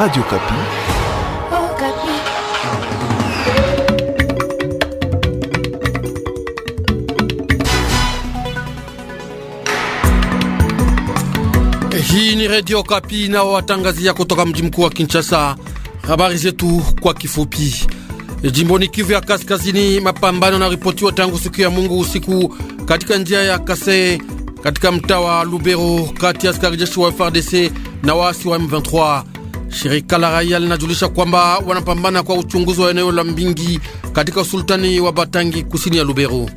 Radio Kapi. Oh, Kapi. Hii ni Radio Kapi nao watangazia kutoka mji mkuu wa Kinshasa. Habari zetu kwa kifupi. Jimboni Kivu ya Kaskazini, mapambano na ripotiwa tangu siku ya Mungu usiku katika njia ya Kasee katika mtaa wa Lubero kati ya askari jeshi wa frdc na waasi wa M23. Shirika la raia linajulisha kwamba wanapambana kwa uchunguzi wa eneo la Mbingi katika usultani wa Batangi kusini ya Lubero.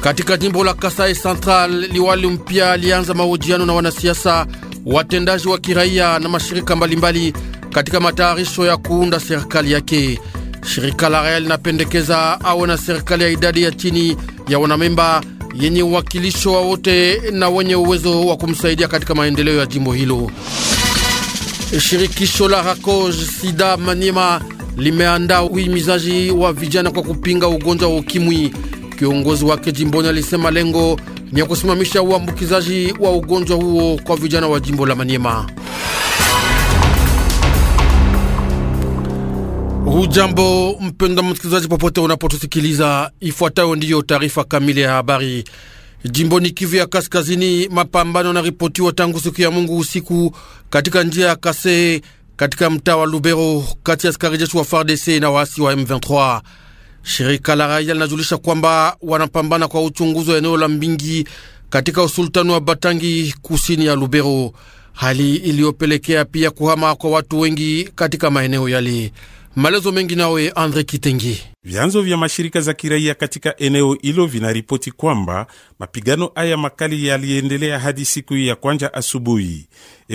Katika jimbo la Kasai Central, liwali mpya alianza mahojiano na wanasiasa, watendaji wa kiraia na mashirika mbalimbali mbali katika matayarisho ya kuunda serikali yake. Shirika la raia linapendekeza awe na serikali ya idadi ya chini ya wanamemba yenye uwakilisho wa wote na wenye uwezo wa kumsaidia katika maendeleo ya jimbo hilo. Shirikisho la Rakoj Sida manyema limeandaa uhimizaji wa vijana kwa kupinga ugonjwa wa ukimwi. Kiongozi wake jimboni alisema lengo ni ya kusimamisha uambukizaji wa ugonjwa huo kwa vijana wa jimbo la Maniema. Hujambo mpenda msikilizaji, popote unapotusikiliza, ifuatayo ndiyo taarifa kamili ya habari. Jimboni Kivu ya Kaskazini, mapambano yanaripotiwa tangu siku ya Mungu usiku katika njia ya kase katika mtaa wa Lubero kati ya askari jeshi wa FARDC na waasi wa M23. Shirika la raia linajulisha kwamba wanapambana kwa uchunguzi wa eneo la Mbingi katika usultani wa Batangi kusini ya Lubero, hali iliyopelekea pia kuhama kwa watu wengi katika maeneo yale. Maelezo mengi nawe Andre Kitengi. Vyanzo vya mashirika za kiraia katika eneo hilo vinaripoti kwamba mapigano haya makali yaliendelea hadi siku ya kwanza asubuhi.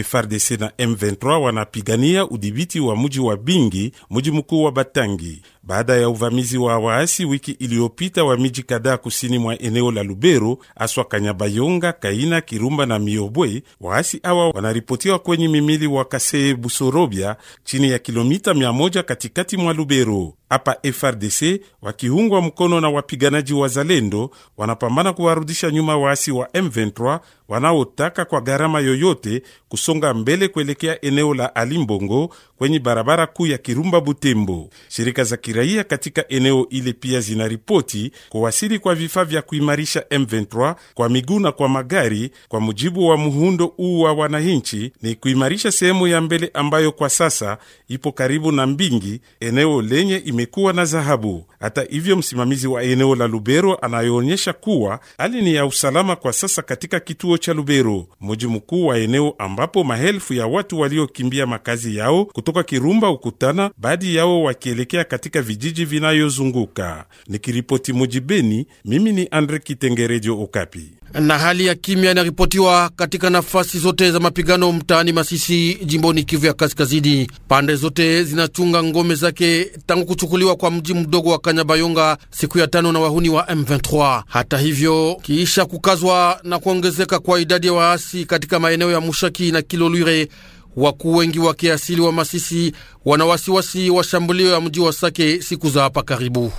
FRDC na M23 wanapigania udhibiti wa muji wa Bingi, muji mkuu wa Batangi baada ya uvamizi wa waasi wiki iliyopita wa miji kadhaa kusini mwa eneo la Lubero, aswa Kanyabayonga, Kaina, Kirumba na Miobwe. Waasi hawa wanaripotiwa kwenye mimili wa Kasee Busorobya, chini ya kilomita 100 katikati mwa Lubero. Hapa FRDC wakiungwa mkono na wapiganaji wa Zalendo wanapambana kuwarudisha nyuma waasi wa M23 wanaotaka kwa gharama yoyote kusonga mbele kuelekea eneo la Alimbongo kwenye barabara kuu ya Kirumba Butembo. Shirika za kiraia katika eneo ile pia zinaripoti kuwasili kwa vifaa vya kuimarisha M23 kwa miguu na kwa magari. Kwa mujibu wa muhundo huu wa wananchi, ni kuimarisha sehemu ya mbele ambayo kwa sasa ipo karibu na Mbingi, eneo lenye imekuwa na dhahabu. Hata hivyo, msimamizi wa eneo la Lubero anayoonyesha kuwa hali ni ya usalama kwa sasa katika kituo cha Lubero, mji mkuu wa eneo ambapo maelfu ya watu waliokimbia makazi yao kutoka Kirumba ukutana, baadhi yao wakielekea katika katika vijiji vinayozunguka. Nikiripoti Mujibeni, mimi ni Andre Kitenge, Redio Okapi. Na hali ya kimya inaripotiwa katika nafasi zote za mapigano mtaani Masisi, jimboni Kivu ya Kaskazini. Pande zote zinachunga ngome zake tangu kuchukuliwa kwa mji mdogo wa Kanyabayonga siku ya tano na wahuni wa M23. Hata hivyo, kiisha kukazwa na kuongezeka kwa idadi ya waasi katika maeneo ya Mushaki na Kilolwire wakuu wengi wa kiasili wa Masisi wana wasiwasi wa shambulio ya mji wa Sake siku za hapa karibu.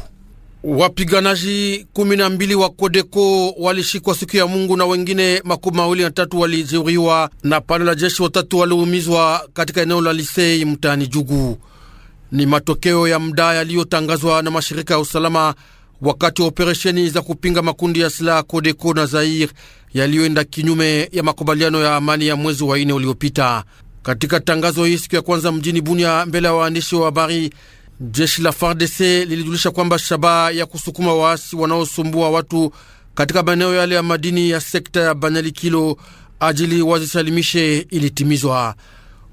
Wapiganaji kumi na mbili wa Kodeko walishikwa siku ya Mungu na wengine makumi mawili na tatu walijeruhiwa na pande la jeshi watatu waliumizwa katika eneo la Lisei mtaani Jugu. Ni matokeo ya muda yaliyotangazwa na mashirika ya usalama wakati wa operesheni za kupinga makundi ya silaha Kodeko na Zair yaliyoenda kinyume ya makubaliano ya amani ya mwezi wa ine uliopita. Katika tangazo hii siku ya kwanza mjini Bunia mbele ya waandishi wa habari, jeshi la FARDC lilijulisha kwamba shabaha ya kusukuma waasi wanaosumbua watu katika maeneo yale ya madini ya sekta ya Banyalikilo ajili wazisalimishe ilitimizwa.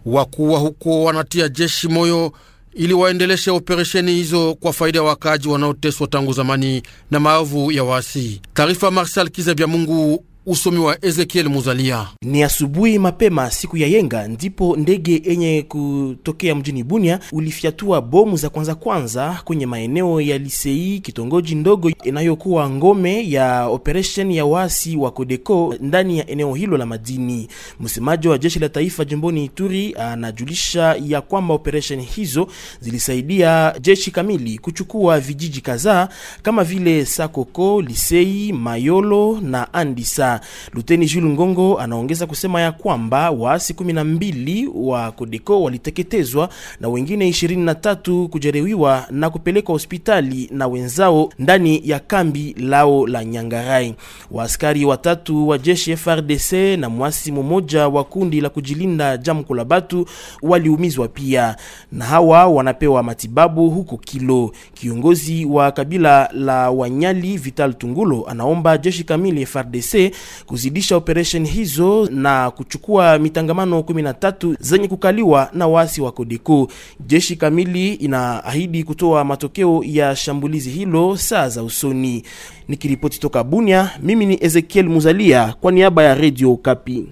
Wakuu wa huko wanatia jeshi moyo ili waendeleshe operesheni hizo kwa faida ya wakaaji wanaoteswa tangu zamani na maovu ya waasi. Taarifa Marshal Kiza Mungu usomi wa Ezekiel Muzalia. Ni asubuhi mapema siku ya yenga ndipo ndege yenye kutokea mjini Bunia ulifyatua bomu za kwanza kwanza kwenye maeneo ya Lisei, kitongoji ndogo inayokuwa ngome ya operation ya wasi wa Kodeko ndani ya eneo hilo la madini. Msemaji wa jeshi la taifa jimboni Ituri anajulisha ya kwamba operation hizo zilisaidia jeshi kamili kuchukua vijiji kadhaa kama vile Sakoko, Lisei, Mayolo na Andisa. Luteni Jules Ngongo anaongeza kusema ya kwamba waasi 12 wa Kodeko waliteketezwa na wengine 23 kujeruhiwa na kupelekwa hospitali na wenzao ndani ya kambi lao la Nyangarai. Waaskari watatu wa jeshi FRDC na mwasi mmoja wa kundi la kujilinda Jamko la Batu waliumizwa pia, na hawa wanapewa matibabu huko Kilo. Kiongozi wa kabila la Wanyali Vital Tungulo anaomba jeshi kamili FRDC kuzidisha operesheni hizo na kuchukua mitangamano 13 zenye kukaliwa na waasi wa Kodeko. Jeshi kamili inaahidi kutoa matokeo ya shambulizi hilo saa za usoni. Nikiripoti toka Bunia, mimi ni Ezekiel Muzalia kwa niaba ya Radio Kapi.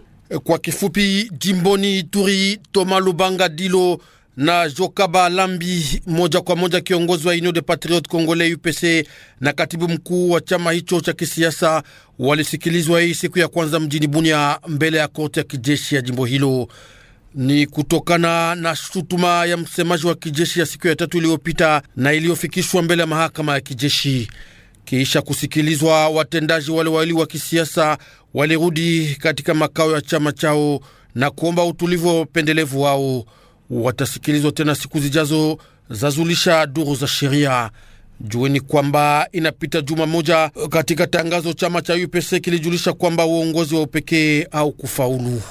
Kwa kifupi, jimboni Ituri, Toma Lubanga Dilo na Jokaba Lambi moja kwa moja, kiongozi wa Union de Patriote Congolais UPC na katibu mkuu wa chama hicho cha kisiasa walisikilizwa hii siku ya kwanza mjini Bunia mbele ya korte ya kijeshi ya jimbo hilo. Ni kutokana na shutuma ya msemaji wa kijeshi ya siku ya tatu iliyopita na iliyofikishwa mbele ya mahakama ya kijeshi. Kisha kusikilizwa, watendaji wale wawili wa kisiasa walirudi katika makao ya chama chao na kuomba utulivu wa upendelevu wao watasikilizwa tena siku zijazo, zazulisha duru za sheria. Jueni kwamba inapita juma moja katika tangazo chama cha UPC kilijulisha kwamba uongozi wa upekee au kufaulu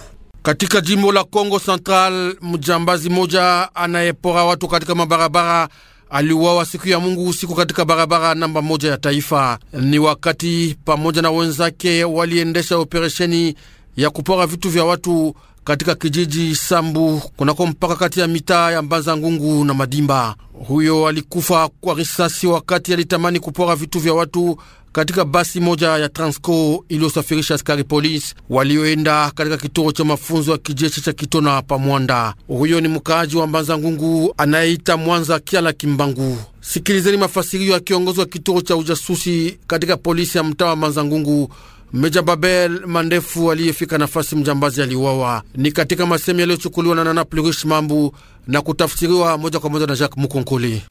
katika jimbo la congo Central. Mjambazi moja anayepora watu katika mabarabara aliuawa siku ya Mungu usiku katika barabara namba moja ya taifa. Ni wakati pamoja na wenzake waliendesha operesheni ya kupora vitu vya watu katika kijiji Sambu kunako mpaka kati ya mitaa ya Mbanza Ngungu na Madimba. Huyo alikufa kwa risasi wakati alitamani kupora vitu vya watu katika basi moja ya Transco iliyosafirisha askari polisi walioenda katika kituo cha mafunzo ya kijeshi cha Kitona pa Mwanda. Huyo ni mkaaji wa Mbanza Ngungu anayeita Mwanza Kiala Kimbangu. Sikilizeni mafasirio ya kiongozi wa kituo cha ujasusi katika polisi ya mtaa wa Mbanza Ngungu Meja Babel Mandefu aliyefika nafasi mjambazi aliuawa, ni katika masemi yaliyochukuliwa na Nana Plurish Mambu na kutafsiriwa moja kwa moja na Jacques Mukonkoli.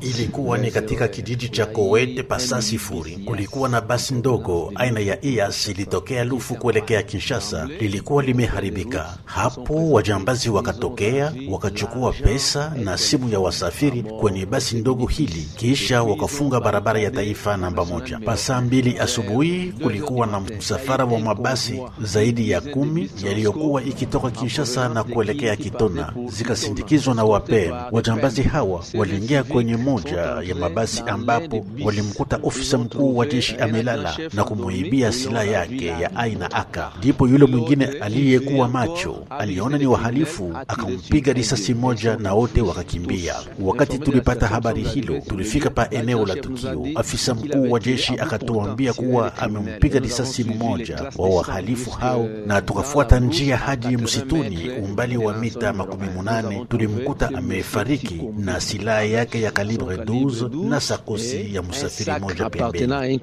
Ilikuwa ni katika kijiji cha Kowet pasa sifuri, kulikuwa na basi ndogo aina ya ias ilitokea Lufu kuelekea Kinshasa, lilikuwa limeharibika. Hapo wajambazi wakatokea wakachukua pesa na simu ya wasafiri kwenye basi ndogo hili, kisha wakafunga barabara ya taifa namba moja. Pasaa mbili asubuhi kulikuwa na msafara wa mabasi zaidi ya kumi yaliyokuwa ikitoka Kinshasa na kuelekea Kitona zikasindikizwa na wapem. Wajambazi hawa waliingia kwenye moja ya mabasi ambapo walimkuta ofisa mkuu wa jeshi amelala na kumuibia silaha yake ya aina aka. Ndipo yule mwingine aliyekuwa macho aliona ni wahalifu, akampiga risasi moja na wote wakakimbia. Wakati tulipata habari hilo, tulifika pa eneo la tukio. Afisa mkuu wa jeshi akatuambia kuwa amempiga risasi mmoja wa wahalifu hao, na tukafuata njia hadi msituni umbali wa mita sita makumi munane tulimkuta amefariki na silaha yake ya kalibre 12 na sakosi ya eh, musafiri moja pembeni.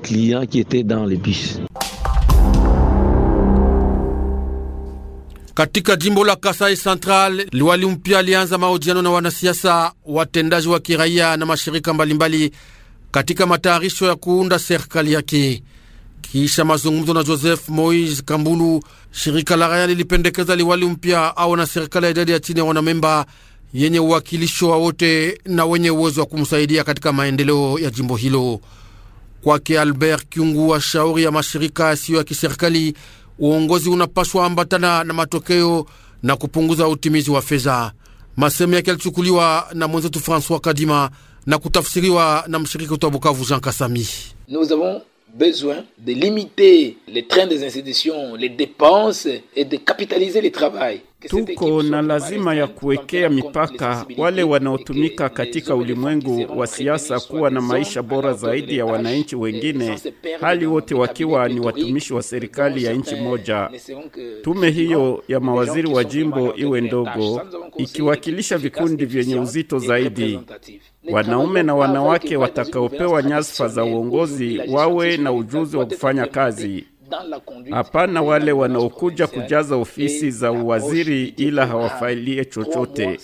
Katika jimbo la Kasai Central, liwali mpya alianza mahojiano na wanasiasa, watendaji wa kiraia na mashirika mbalimbali mbali, katika matayarisho ya kuunda serikali yake. Kisha mazungumzo na Joseph Moise Kambulu, shirika la raya lilipendekeza liwali mpya au na serikali ya idadi ya chini ya wanamemba yenye uwakilisho wa wote na wenye uwezo wa kumsaidia katika maendeleo ya jimbo hilo. Kwake Albert Kyungu wa shauri ya mashirika yasiyo ya kiserikali, uongozi unapaswa ambatana na matokeo na kupunguza utimizi wa fedha. Masemo yake yalichukuliwa na mwenzetu Francois Kadima na kutafsiriwa na mshiriki wa Bukavu Jean Kasami. Nous avons besoin de limiter les trains des institutions, les dépenses et de capitaliser le travail. tuko na lazima ya kuwekea mipaka wale wanaotumika katika ulimwengu wa siasa kuwa na maisha bora zaidi ya wananchi wengine, hali wote wakiwa ni watumishi wa serikali ya nchi moja. Tume hiyo ya mawaziri wa jimbo iwe ndogo, ikiwakilisha vikundi vyenye uzito zaidi. Wanaume na wanawake watakaopewa nyadhifa za uongozi wawe na ujuzi wa kufanya kazi Hapana wale wanaokuja kujaza ofisi za uwaziri ila hawafailie chochote.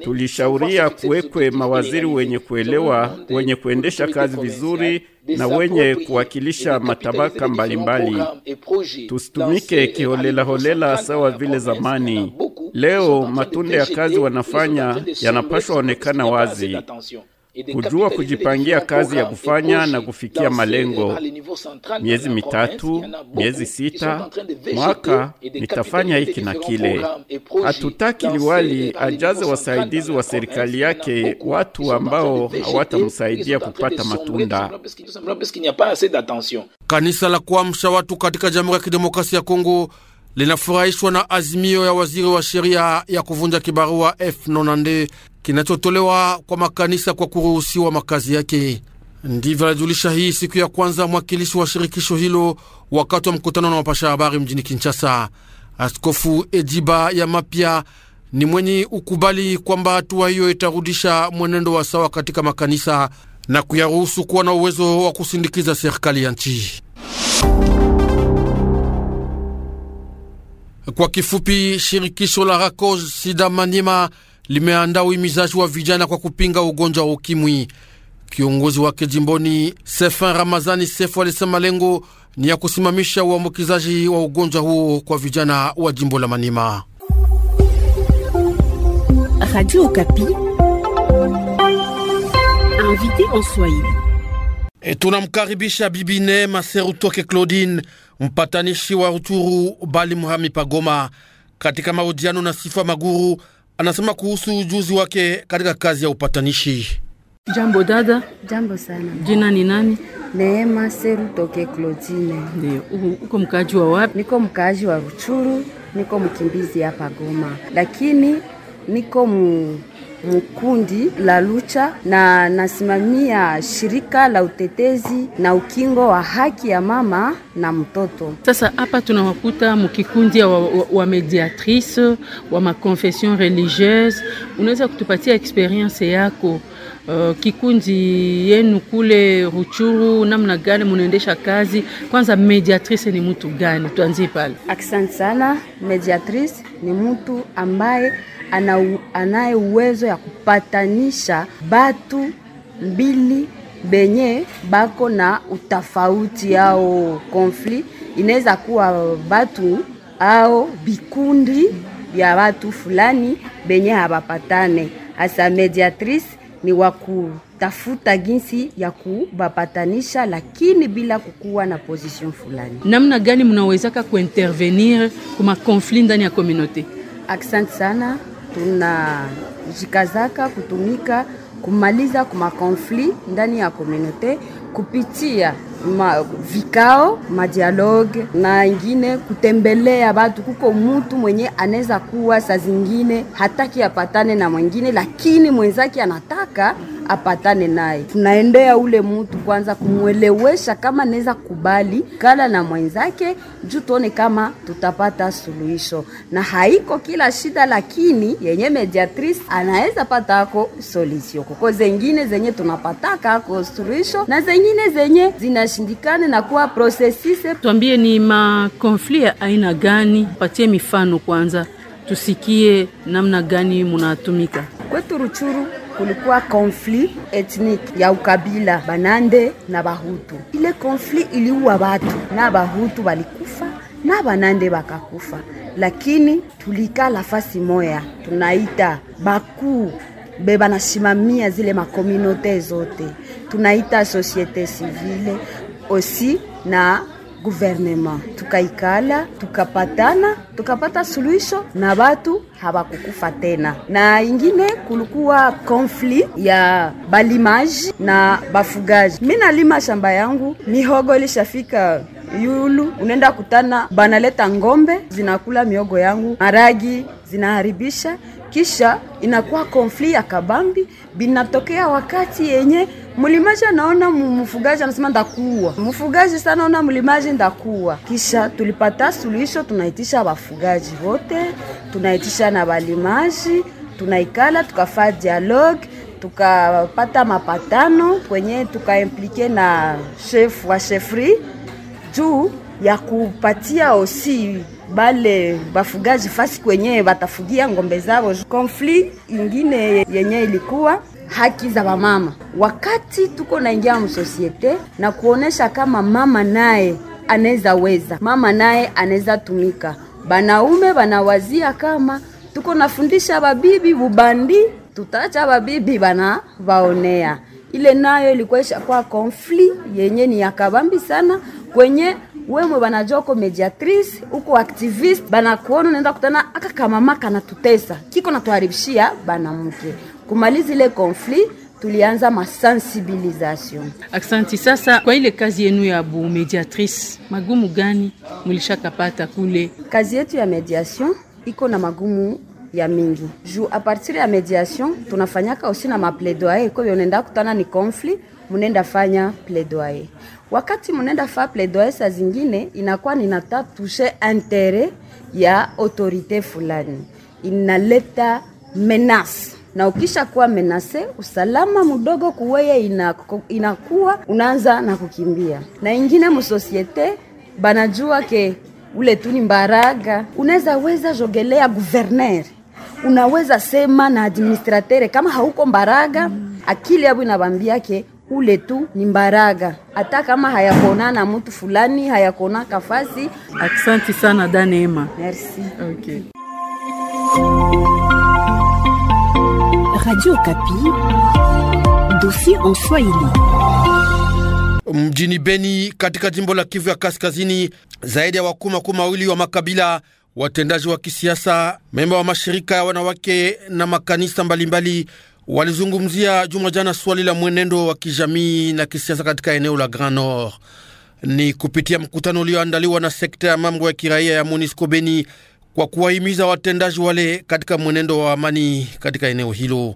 Tulishauria kuwekwe mawaziri wenye kuelewa, wenye kuendesha kazi vizuri na wenye kuwakilisha matabaka mbalimbali. Tusitumike kiholelaholela sawa vile zamani. Leo matunda ya kazi wanafanya yanapashwa onekana wazi kujua kujipangia kazi ya kufanya na kufikia malengo. Miezi mitatu, miezi sita, mwaka nitafanya hiki na kile. Hatutaki liwali ajaze wasaidizi wa serikali yake watu ambao hawatamsaidia kupata matunda. Kanisa la kuamsha watu katika Jamhuri ya Kidemokrasia ya Kongo linafurahishwa na azimio ya waziri wa sheria ya kuvunja kibarua F Nonande kinachotolewa kwa makanisa kwa kuruhusiwa makazi yake. Ndivyo alijulisha hii siku ya kwanza mwakilishi wa shirikisho hilo wakati wa mkutano na wapasha habari mjini Kinshasa. Askofu Ejiba ya mapya ni mwenye ukubali kwamba hatua hiyo itarudisha mwenendo wa sawa katika makanisa na kuyaruhusu kuwa na uwezo wa kusindikiza serikali ya nchi. Kwa kifupi, shirikisho la Rakos Sida Manyema limeandaa uhimizaji wa vijana kwa kupinga ugonjwa wa ukimwi. Kiongozi wake jimboni Sefin Ramazani Sefu alisema lengo ni ya kusimamisha uambukizaji wa ugonjwa huo kwa vijana wa jimbo la Manima. E, tunamkaribisha Bibi Neema Serutoke Claudine, mpatanishi wa uturu bali muhami Pagoma, katika mahojiano na Sifa Maguru anasema kuhusu ujuzi wake katika kazi ya upatanishi. Jambo dada. Jambo sana. Jina ni nani? Neema Seru toke Claudine. Ndio. Uko mkaaji wa wapi? Niko mkaaji wa Ruchuru, niko mkimbizi hapa Goma, lakini niko mu mkundi la Lucha na nasimamia shirika la utetezi na ukingo wa haki ya mama na mtoto. Sasa hapa tunawakuta mukikundi wa, wa, wa mediatrice wa confession religieuse, unaweza kutupatia experience yako uh, kikundi yenu kule Ruchuru, namna gani munaendesha kazi? Kwanza mediatrice ni mtu gani? Tuanzie pale. Asante sana. Mediatrice ni mtu ambaye ana, anaye uwezo ya kupatanisha batu mbili benye bako na utafauti ao konfli, inaweza kuwa batu ao bikundi ya batu fulani benye habapatane. Hasa mediatrice ni wa kutafuta jinsi ya kubapatanisha, lakini bila kukuwa na position fulani. Namna gani mnawezaka kuintervenir kuma conflit ndani ya komunote? Asante sana, tunajikazaka kutumika kumaliza kuma conflit ndani ya komunote kupitia ma, vikao madialoge na ingine kutembelea batu. Kuko mutu mwenye anaweza kuwa saa zingine hataki apatane na mwingine, lakini mwenzake anataka apatane naye. Tunaendea ule mtu kwanza kumwelewesha kama naweza kubali kala na mwenzake juu tuone kama tutapata suluhisho, na haiko kila shida, lakini yenye mediatrice anaweza pata ako solisio kuko zengine zenye tunapataka ako suluhisho na zengine zenye zinashindikane na kuwa prosesise. Tuambie ni makonfli ya aina gani? Patie mifano kwanza tusikie namna gani munatumika kwetu Ruchuru kulikuwa konfli etnik ya ukabila Banande na Bahutu. Ile konfli iliua batu na Bahutu balikufa na Banande bakakufa, lakini tulikaa nafasi moya, tunaita bakuu beba nasimamia zile makominote zote, tunaita societe civile osi na guvernema, tukaikala tukapatana, tukapata suluhisho na batu habakukufa tena. Na ingine kulikuwa konfli ya balimaji na bafugaji. Mi nalima shamba yangu, mihogo ilishafika yulu, unaenda kutana banaleta ngombe zinakula miogo yangu, maragi zinaharibisha kisha inakuwa konfli ya kabambi binatokea wakati yenye mlimaji anaona mfugaji anasema ndakuwa, mfugaji sana naona mlimaji ndakuwa. Kisha tulipata suluhisho, tunaitisha wafugaji wote, tunaitisha na walimaji, tunaikala tukafaa dialogue tukapata mapatano kwenye tukaimplike na chef wa chefri juu ya kupatia osi bale bafugaji fasi kwenye batafugia ngombe zao. Konfli ingine yenye ilikuwa haki za wamama, wakati tuko naingia msosiete na kuonesha kama mama naye anaweza weza, mama naye anaweza tumika. Banaume banawazia kama tuko nafundisha babibi bubandi, tutaacha babibi bana vaonea. Ile nayo ilikuwa kwa konfli yenye ni yakabambi sana kwenye wewe banajoko mediatrice uko activiste banakuona, naenda kutana aka kamama kanatutesa kiko natuharibishia banamke kumaliza ile conflit tulianza masensibilisation. Aksanti. Sasa kwa ile kazi yenu ya bu mediatrice, magumu gani mulishakapata kule? Kazi yetu ya mediation iko na magumu ya mingi juu a partir ya mediation tunafanyaka osi na maplaidoyer, kwa hiyo unaenda kutana ni conflit mnenda fanya plaidoyer. Wakati mnenda fa plaidoyer, saa zingine inakuwa ninata touche interet ya autorite fulani, inaleta menace na ukisha kuwa menase usalama mdogo kuweye inaku, inakuwa unaanza na kukimbia, na ingine musosiete banajua ke ule tuni mbaraga unaweza weza jogelea guverner, unaweza sema na administrateur kama hauko mbaraga, akili yabo inabambia ke kule tu ni mbaraga, hata kama hayakona na mtu fulani hayakona kafasi. Asante sana Daneema. Merci. Okay. Radio Kapi, dossier en Swahili. Mjini Beni katika jimbo la Kivu ya Kaskazini, zaidi ya wakuu makumi mawili wa makabila watendaji wa kisiasa, memba wa mashirika ya wanawake na makanisa mbalimbali mbali, walizungumzia juma jana swali la mwenendo wa kijamii na kisiasa katika eneo la Grand Nord ni kupitia mkutano ulioandaliwa na sekta ya mambo ya kiraia ya Monisco Beni kwa kuwahimiza watendaji wale katika mwenendo wa amani katika eneo hilo.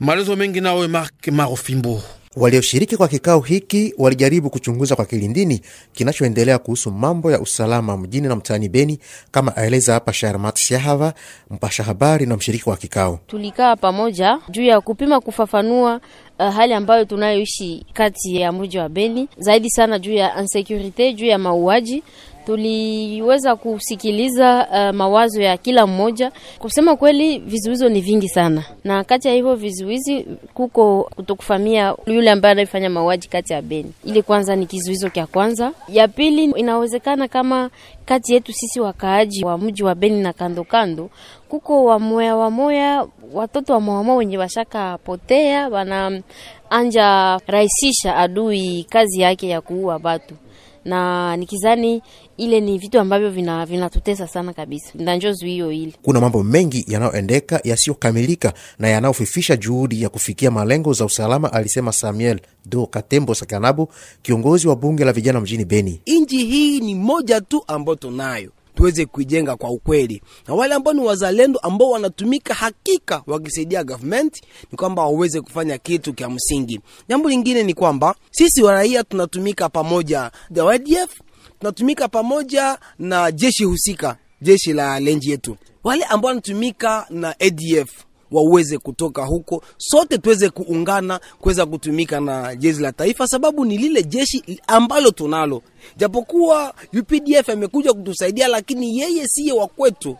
Maelezo mengi nawe Mark Marofimbo. Walioshiriki kwa kikao hiki walijaribu kuchunguza kwa kilindini kinachoendelea kuhusu mambo ya usalama mjini na mtaani Beni, kama aeleza hapa Sharmat Shahava, mpasha habari na mshiriki wa kikao. Tulikaa pamoja juu ya kupima kufafanua Uh, hali ambayo tunayoishi kati ya mji wa Beni zaidi sana juu ya insecurity, juu ya mauaji tuliweza kusikiliza uh, mawazo ya kila mmoja. Kusema kweli, vizuizo ni vingi sana, na kati ya hivyo vizuizi kuko kutokufamia yule ambaye anayefanya mauaji kati ya Beni. ili kwanza ni kizuizo kya kwanza. Ya pili, inawezekana kama kati yetu sisi wakaaji wa mji wa Beni na kando kando, kuko wamoya wamoya, watoto wa mama wenye washaka potea, wana anja rahisisha adui kazi yake ya kuua watu, na nikizani ile ni vitu ambavyo vinatutesa vina sana kabisa, na ile. Kuna mambo mengi yanayoendeka yasiyokamilika na yanayofifisha juhudi ya kufikia malengo za usalama, alisema Samuel do Katembo Sakanabu, kiongozi wa bunge la vijana mjini Beni. nji hii ni moja tu ambayo tunayo tuweze kuijenga kwa ukweli, na wale ambao ni wazalendo ambao wanatumika hakika wakisaidia government, ni kwamba waweze kufanya kitu kya msingi. Jambo lingine ni kwamba sisi waraia tunatumika pamoja, the tunatumika pamoja na jeshi husika, jeshi la lenji yetu, wale ambao wanatumika na ADF waweze kutoka huko, sote tuweze kuungana kuweza kutumika na jeshi la taifa, sababu ni lile jeshi ambalo tunalo. Japokuwa UPDF amekuja kutusaidia, lakini yeye siye wa kwetu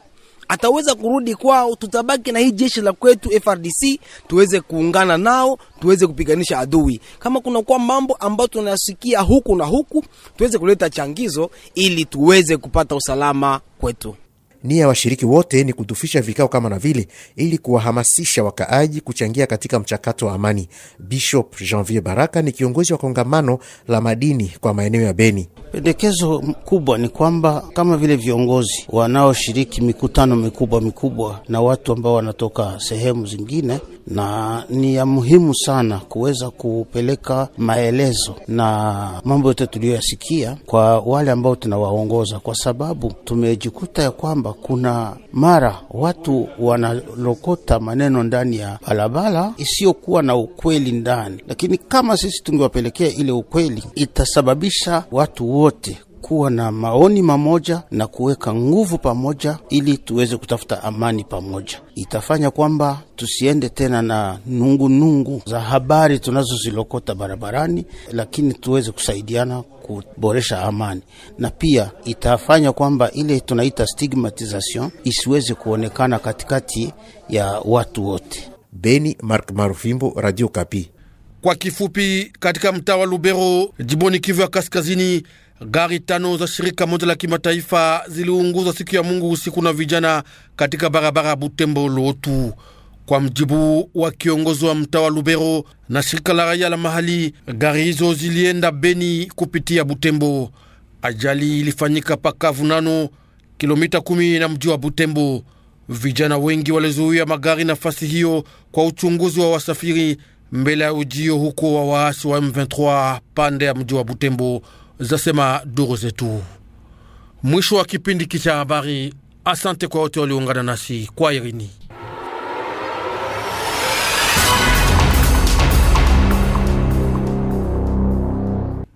ataweza kurudi kwao, tutabaki na hii jeshi la kwetu FRDC, tuweze kuungana nao, tuweze kupiganisha adui. Kama kuna kwa mambo ambayo tunasikia huku na huku, tuweze kuleta changizo ili tuweze kupata usalama kwetu. Nia ya washiriki wote ni kudhufisha vikao kama na vile ili kuwahamasisha wakaaji kuchangia katika mchakato wa amani. Bishop Janvier Baraka ni kiongozi wa kongamano la madini kwa maeneo ya Beni. Pendekezo kubwa ni kwamba kama vile viongozi wanaoshiriki mikutano mikubwa mikubwa na watu ambao wanatoka sehemu zingine, na ni ya muhimu sana kuweza kupeleka maelezo na mambo yote tuliyoyasikia kwa wale ambao tunawaongoza, kwa sababu tumejikuta ya kwamba kuna mara watu wanalokota maneno ndani ya balabala isiyokuwa na ukweli ndani, lakini kama sisi tungewapelekea ile ukweli, itasababisha watu wote kuwa na maoni mamoja na kuweka nguvu pamoja, ili tuweze kutafuta amani pamoja. Itafanya kwamba tusiende tena na nungunungu nungu za habari tunazozilokota barabarani, lakini tuweze kusaidiana kuboresha amani, na pia itafanya kwamba ile tunaita stigmatization isiweze kuonekana katikati ya watu wote. Beni, Mark Marufimbo, Radio Kapi. Kwa kifupi, katika mtaa wa Lubero, jiboni Kivu ya Kaskazini, gari tano za shirika moja la kimataifa ziliunguzwa siku ya Mungu usiku na vijana katika barabara Butembo Lotu. Kwa mjibu wa kiongozi wa mtaa wa Lubero na shirika la raia la mahali, gari hizo zilienda Beni kupitia Butembo. Ajali ilifanyika pakavu nano kilomita kumi na mji wa Butembo. Vijana wengi walizuia magari nafasi hiyo kwa uchunguzi wa wasafiri mbele ya ujio huko wa waasi wa M23 pande ya mji wa Butembo, zasema duru zetu. Mwisho wa kipindi kicha habari. Asante kwa wote waliungana nasi kwa irini.